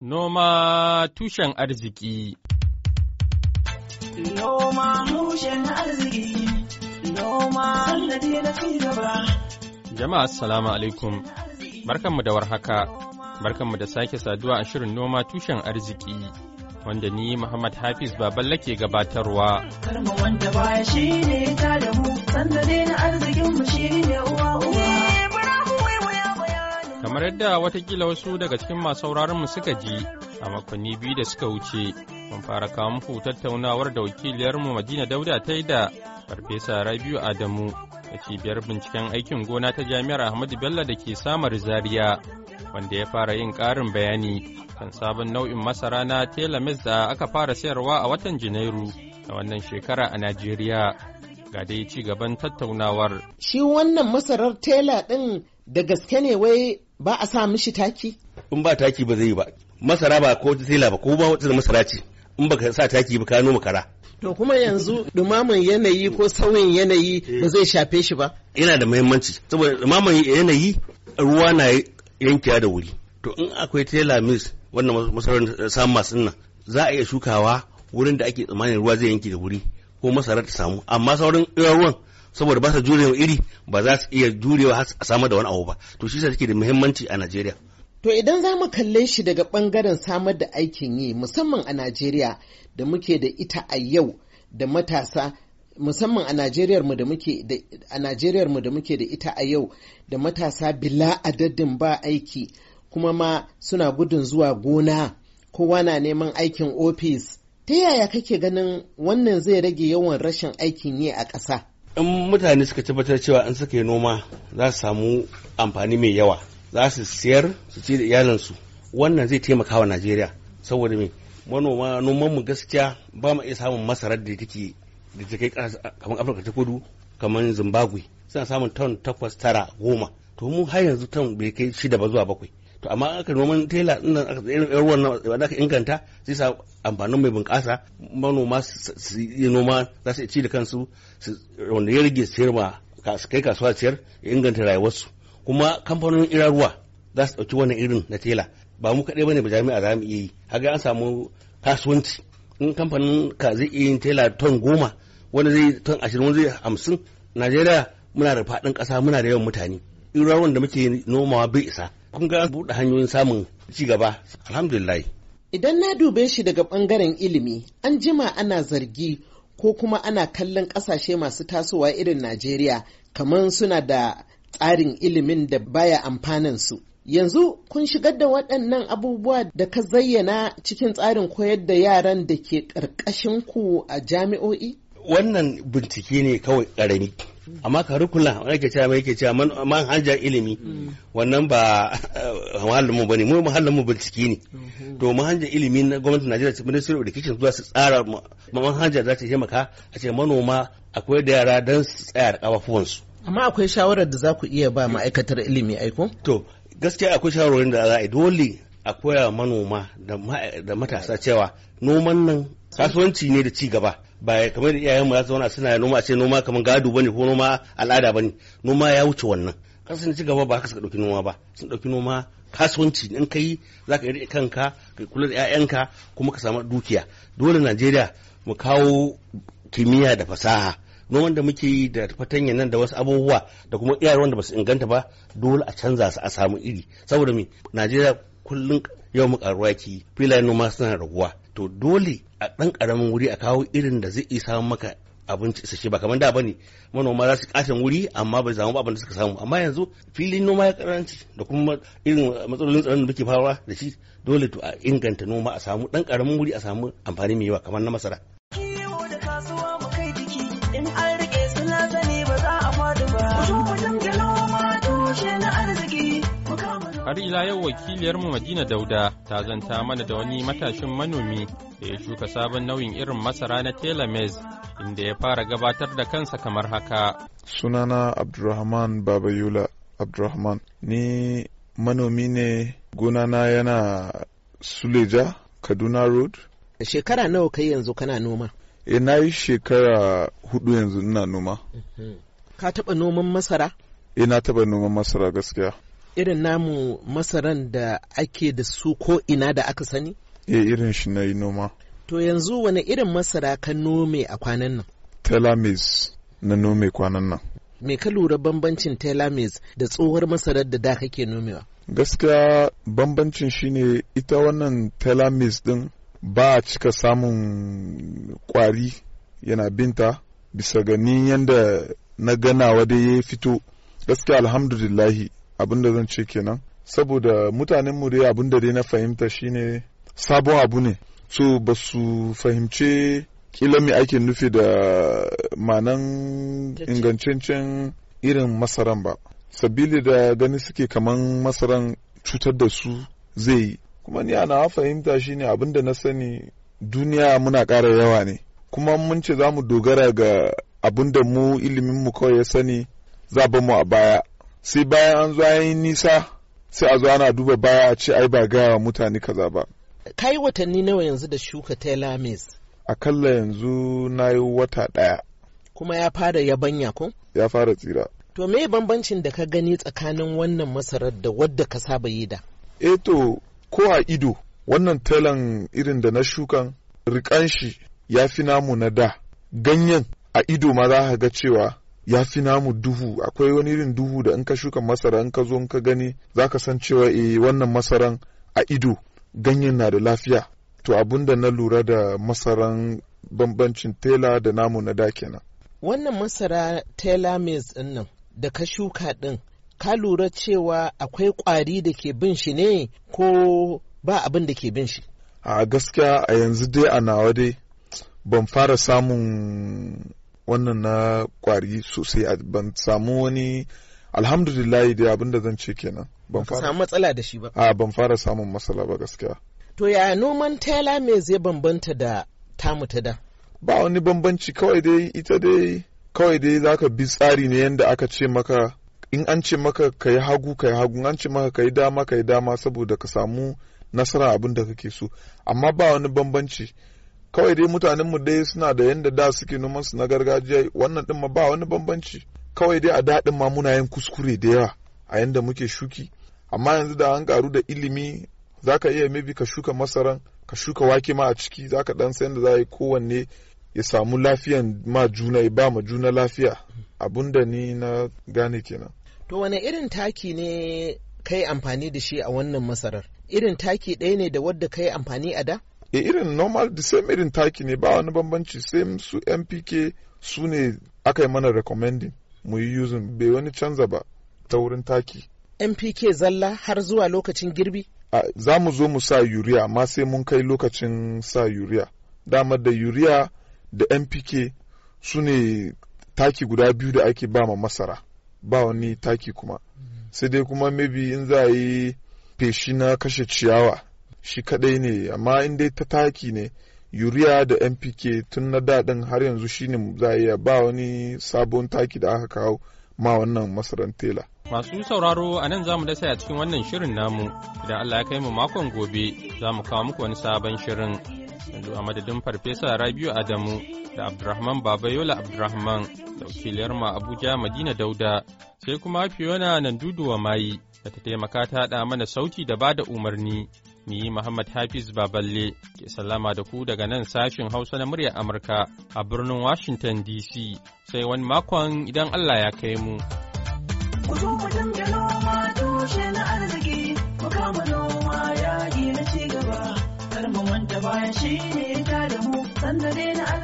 Noma tushen arziki Noma tushen arziki Noma sallade na fi gaba Jama'a assalamu alaikum barkanmu da warhaka barkanmu da sake saduwa a shirin noma tushen arziki wanda ni Muhammad Hafiz baban ke gabatarwa Karma wanda baya ne ta da mu sanda na arzikin mu ne uwa uwa Kamar yadda watakila wasu daga cikin masu sauraronmu suka ji a makonni biyu da suka wuce, mun fara kawo muku tattaunawar da wakiliyarmu Madina Dauda ta yi da Farfesa Rabiu Adamu da cibiyar binciken aikin gona ta Jami'ar Ahmadu Bello da ke samar Zaria, wanda ya fara yin ƙarin bayani kan sabon nau'in masara na Telamis da aka fara sayarwa a watan Janairu a wannan shekara a Najeriya. Ga dai ci gaban tattaunawar. Shi wannan masarar tela ɗin da gaske ne wai ba a sa mishi taki in ba taki ba zai yi ba masara ba ko tela ba ko ba wata masara ce in baka sa taki ba ka noma kara to kuma yanzu dumamin yanayi ko sauyin yanayi ba zai shafe shi ba yana da muhimmanci saboda dumamin yanayi ruwa na yankewa da wuri to in akwai tela mix wannan masarar masu nan za a iya shukawa wurin da ake tsammanin ruwa zai yanke da wuri ko masarar ta samu amma sauran ruwan saboda ba su jurewa iri ba za su iya jurewa a samar da wani abu ba to shi sa take da muhimmanci a Najeriya To idan za mu kalle shi daga bangaren samar da aikin yi musamman a Najeriya da muke da ita a yau da matasa musamman a Najeriyar mu da muke da a Najeriyar mu da muke da ita a yau da matasa bila adadin ba aiki kuma ma suna gudun zuwa gona kowa na neman aikin ofis ta yaya kake ganin wannan zai rage yawan rashin aikin yi a ƙasa? in mutane suka tabbatar cewa in suka yi noma za su samu amfani mai yawa za su siyar su ci da iyalinsu wannan zai taimaka wa najeriya saboda me manoma noman mu gaskiya ba mu iya samun masarar da take da take kamar afirka ta kudu kamar zimbabwe suna samun ton takwas tara goma to mu har yanzu ton bai kai shida ba zuwa bakwai to amma aka noman tela din nan aka irin ruwan nan wanda aka inganta zai sa amfanin mai bunƙasa manoma su yi noma za su ci da kansu wanda ya rage sayar ma kai kasuwa ciyar ya inganta rayuwarsu kuma kamfanonin iraruwa za su ɗauki wannan irin na tela ba mu kaɗai bane ba jami'a za mu iya yi haka an samu kasuwanci in kamfanin ka zai iya yin tela ton goma wanda zai ton ashirin wanda zai hamsin najeriya muna da faɗin ƙasa muna da yawan mutane iraruwan da muke nomawa bai isa kun ga buɗe hanyoyin samun ci gaba alhamdulillah idan na dube shi daga ɓangaren ilimi an jima ana zargi ko kuma ana kallon ƙasashe masu tasowa irin najeriya kamar suna da tsarin ilimin da baya amfanin su yanzu kun shigar da waɗannan abubuwa da ka zayyana cikin tsarin koyar da yaran da ke ƙarƙashin ku a jami'o'i wannan bincike ne kawai ƙarami amma karikula wani ke cewa mai ke cewa man hanjar ilimi mm. wannan ba eh, muhallin mu ne mu mahallinmu bincike ne mm-hmm. to manhajar ilimi na gwamnati Najeriya ta Ministry of Education zuwa su tsara manhajar za ta taimaka a ce manoma akwai da yara don su tsaya da kafafuwansu amma akwai shawarar da za ku iya ba mm. ma'aikatar ilimi aiko to gaskiya akwai shawarorin da za a yi dole a koya manoma da matasa cewa noman nan kasuwanci ne da ci gaba ba kamar da iyayenmu ya zauna suna noma a ce noma kamar gado bane ko noma al'ada bane noma ya wuce wannan kasan ci gaba ba haka suka dauki noma ba sun ɗauki noma kasuwanci in ka yi za ka yi kanka ka kula da 'ya'yanka kuma ka samu dukiya dole najeriya mu kawo kimiyya da fasaha noman da muke yi da fatanya nan da wasu abubuwa da kuma iyayen wanda ba su inganta ba dole a canza su a samu iri saboda me najeriya kullum yau mu karuwa ki filayen noma suna raguwa to dole a ɗan ƙaramin wuri a kawo irin da zai isa maka abinci isasshe ba kamar da bane manoma za su katon wuri amma bai samu abin da suka samu amma yanzu filin noma ya karanci da kuma irin matsalolin tsaron da muke fara da shi dole to a inganta noma a samu ɗan karamin wuri a samu amfani mai yawa kamar na masara har ila yau wakiliyarmu madina dauda ta zanta mana da wani matashin manomi da ya shuka sabon nauyin irin masara na telemez inda ya fara gabatar da kansa kamar haka sunana abdulrahman babayula abdurrahman ni manomi ne gonana yana suleja kaduna road shekara nawa kai yanzu kana noma e na yi shekara hudu yanzu ina noma ka taba noman masara e na taba noman masara gaskiya irin namu masaran da ake da su ko ina da aka sani? Eh irin shi na yi noma. To yanzu wani irin masara ka nome a kwanan nan? Telamis na nome kwanan nan. Me ka lura bambancin telamis da tsohuwar masarar da da kake nomewa? Gaskiya bambancin shi ne ita wannan telamis din ba a cika samun kwari yana binta bisa ganin yadda na ganawa da ya fito. Gaskiya alhamdulillahi abin da zan ce kenan saboda mutanen mu dai abin da dai na fahimta shine sabon abu ne so ba su fahimce kila me ake nufi da manan ingancancen irin masaran ba sabili da gani suke kaman masaran cutar da su zai yi kuma ni ana fahimta shine abin da na sani duniya muna ƙara yawa ne kuma mun ce za mu dogara ga abin da mu ilimin mu kawai ya sani za mu a baya sai bayan an zo yi nisa sai a zo ana duba baya a ce ai ba gaya mutane kaza ba kai watanni nawa yanzu da shuka tela maize akalla yanzu na yi wata ɗaya kuma ya fara yabanya ko ya fara tsira to me bambancin da ka gani tsakanin wannan masarar da wadda ka saba yi da eh to ko a ido wannan telan irin da na shukan rikanshi ya fi namu na da ganyen a ido ma za ka ga cewa ya fi namu duhu akwai wani irin duhu da in ka shuka masara in ka zo in ka gani za ka san cewa e wannan masaran a ido ganyen na da lafiya to abun da na lura da masaran bambancin tela da namu na da kenan wannan masara tela maize din nan da ka shuka din ka lura cewa akwai kwari da ke bin shi ne ko ba abin da ke bin shi a gaskiya a yanzu dai a nawa dai ban fara samun wannan na kwari sosai ban samu wani alhamdulillahi da abin da zan ce kenan ban fara samu matsala da shi ba a ban fara samun matsala ba gaskiya to ya noman tela me zai bambanta da tamu ta da ba wani bambanci kawai dai ita dai kawai dai zaka bi tsari ne yanda aka ce maka in an ce maka ka yi hagu ka yi hagu an ce maka ka yi dama ka yi dama saboda ka samu nasara abin da kake so amma ba wani bambanci kawai dai mutanen mu dai suna da yanda da suke noman su na gargajiya wannan din ma ba wani bambanci kawai dai a daɗin ma muna yin kuskure da yawa a yanda muke shuki amma yanzu da an karu da ilimi zaka iya maybe ka shuka masaran ka shuka wake ma a ciki zaka dan san da za yi kowanne ya samu lafiyan ma juna ba ma juna lafiya abunda ni na gane kenan to wane irin taki ne kai amfani da shi a wannan masarar irin taki ɗaya ne da wadda kai amfani a da e irin normal the same irin taki ne ba wani bambanci same su mpk su ne aka yi mana recommending mu yi using bai wani canza ba ta wurin taki mpk zalla har zuwa lokacin girbi za mu zo mu sa yuriya ma sai mun kai lokacin sa yuriya dama da yuriya da mpk su ne taki guda biyu da ake ba ma masara ba wani taki kuma mm. sai dai kuma maybe in za a yi feshi na kashe ciyawa shi kadai ne amma in dai ta taki ne Urea da mpk tun na daɗin har yanzu shine za iya ba wani sabon taki da aka kawo ma wannan masaran tela masu sauraro a nan za mu dasa a cikin wannan shirin namu idan allah ya kai mu makon gobe za mu kawo muku wani sabon shirin yanzu a madadin farfesa rabiu adamu da abdurrahman yola abdurrahman da wakiliyar ma abuja madina dauda sai kuma fiona nan duduwa mayi da ta taimaka ta mana sauti da bada umarni ni Muhammad Hafiz Baballe ke sallama da ku daga nan sashin Hausa na muryar Amurka a birnin Washington DC sai wani makon idan Allah ya kai mu. Ku zo mu dinga noma tushe na arziki, ku kama noma yaƙi na ci gaba, kar mu baya shi ne ta da mu, sandare na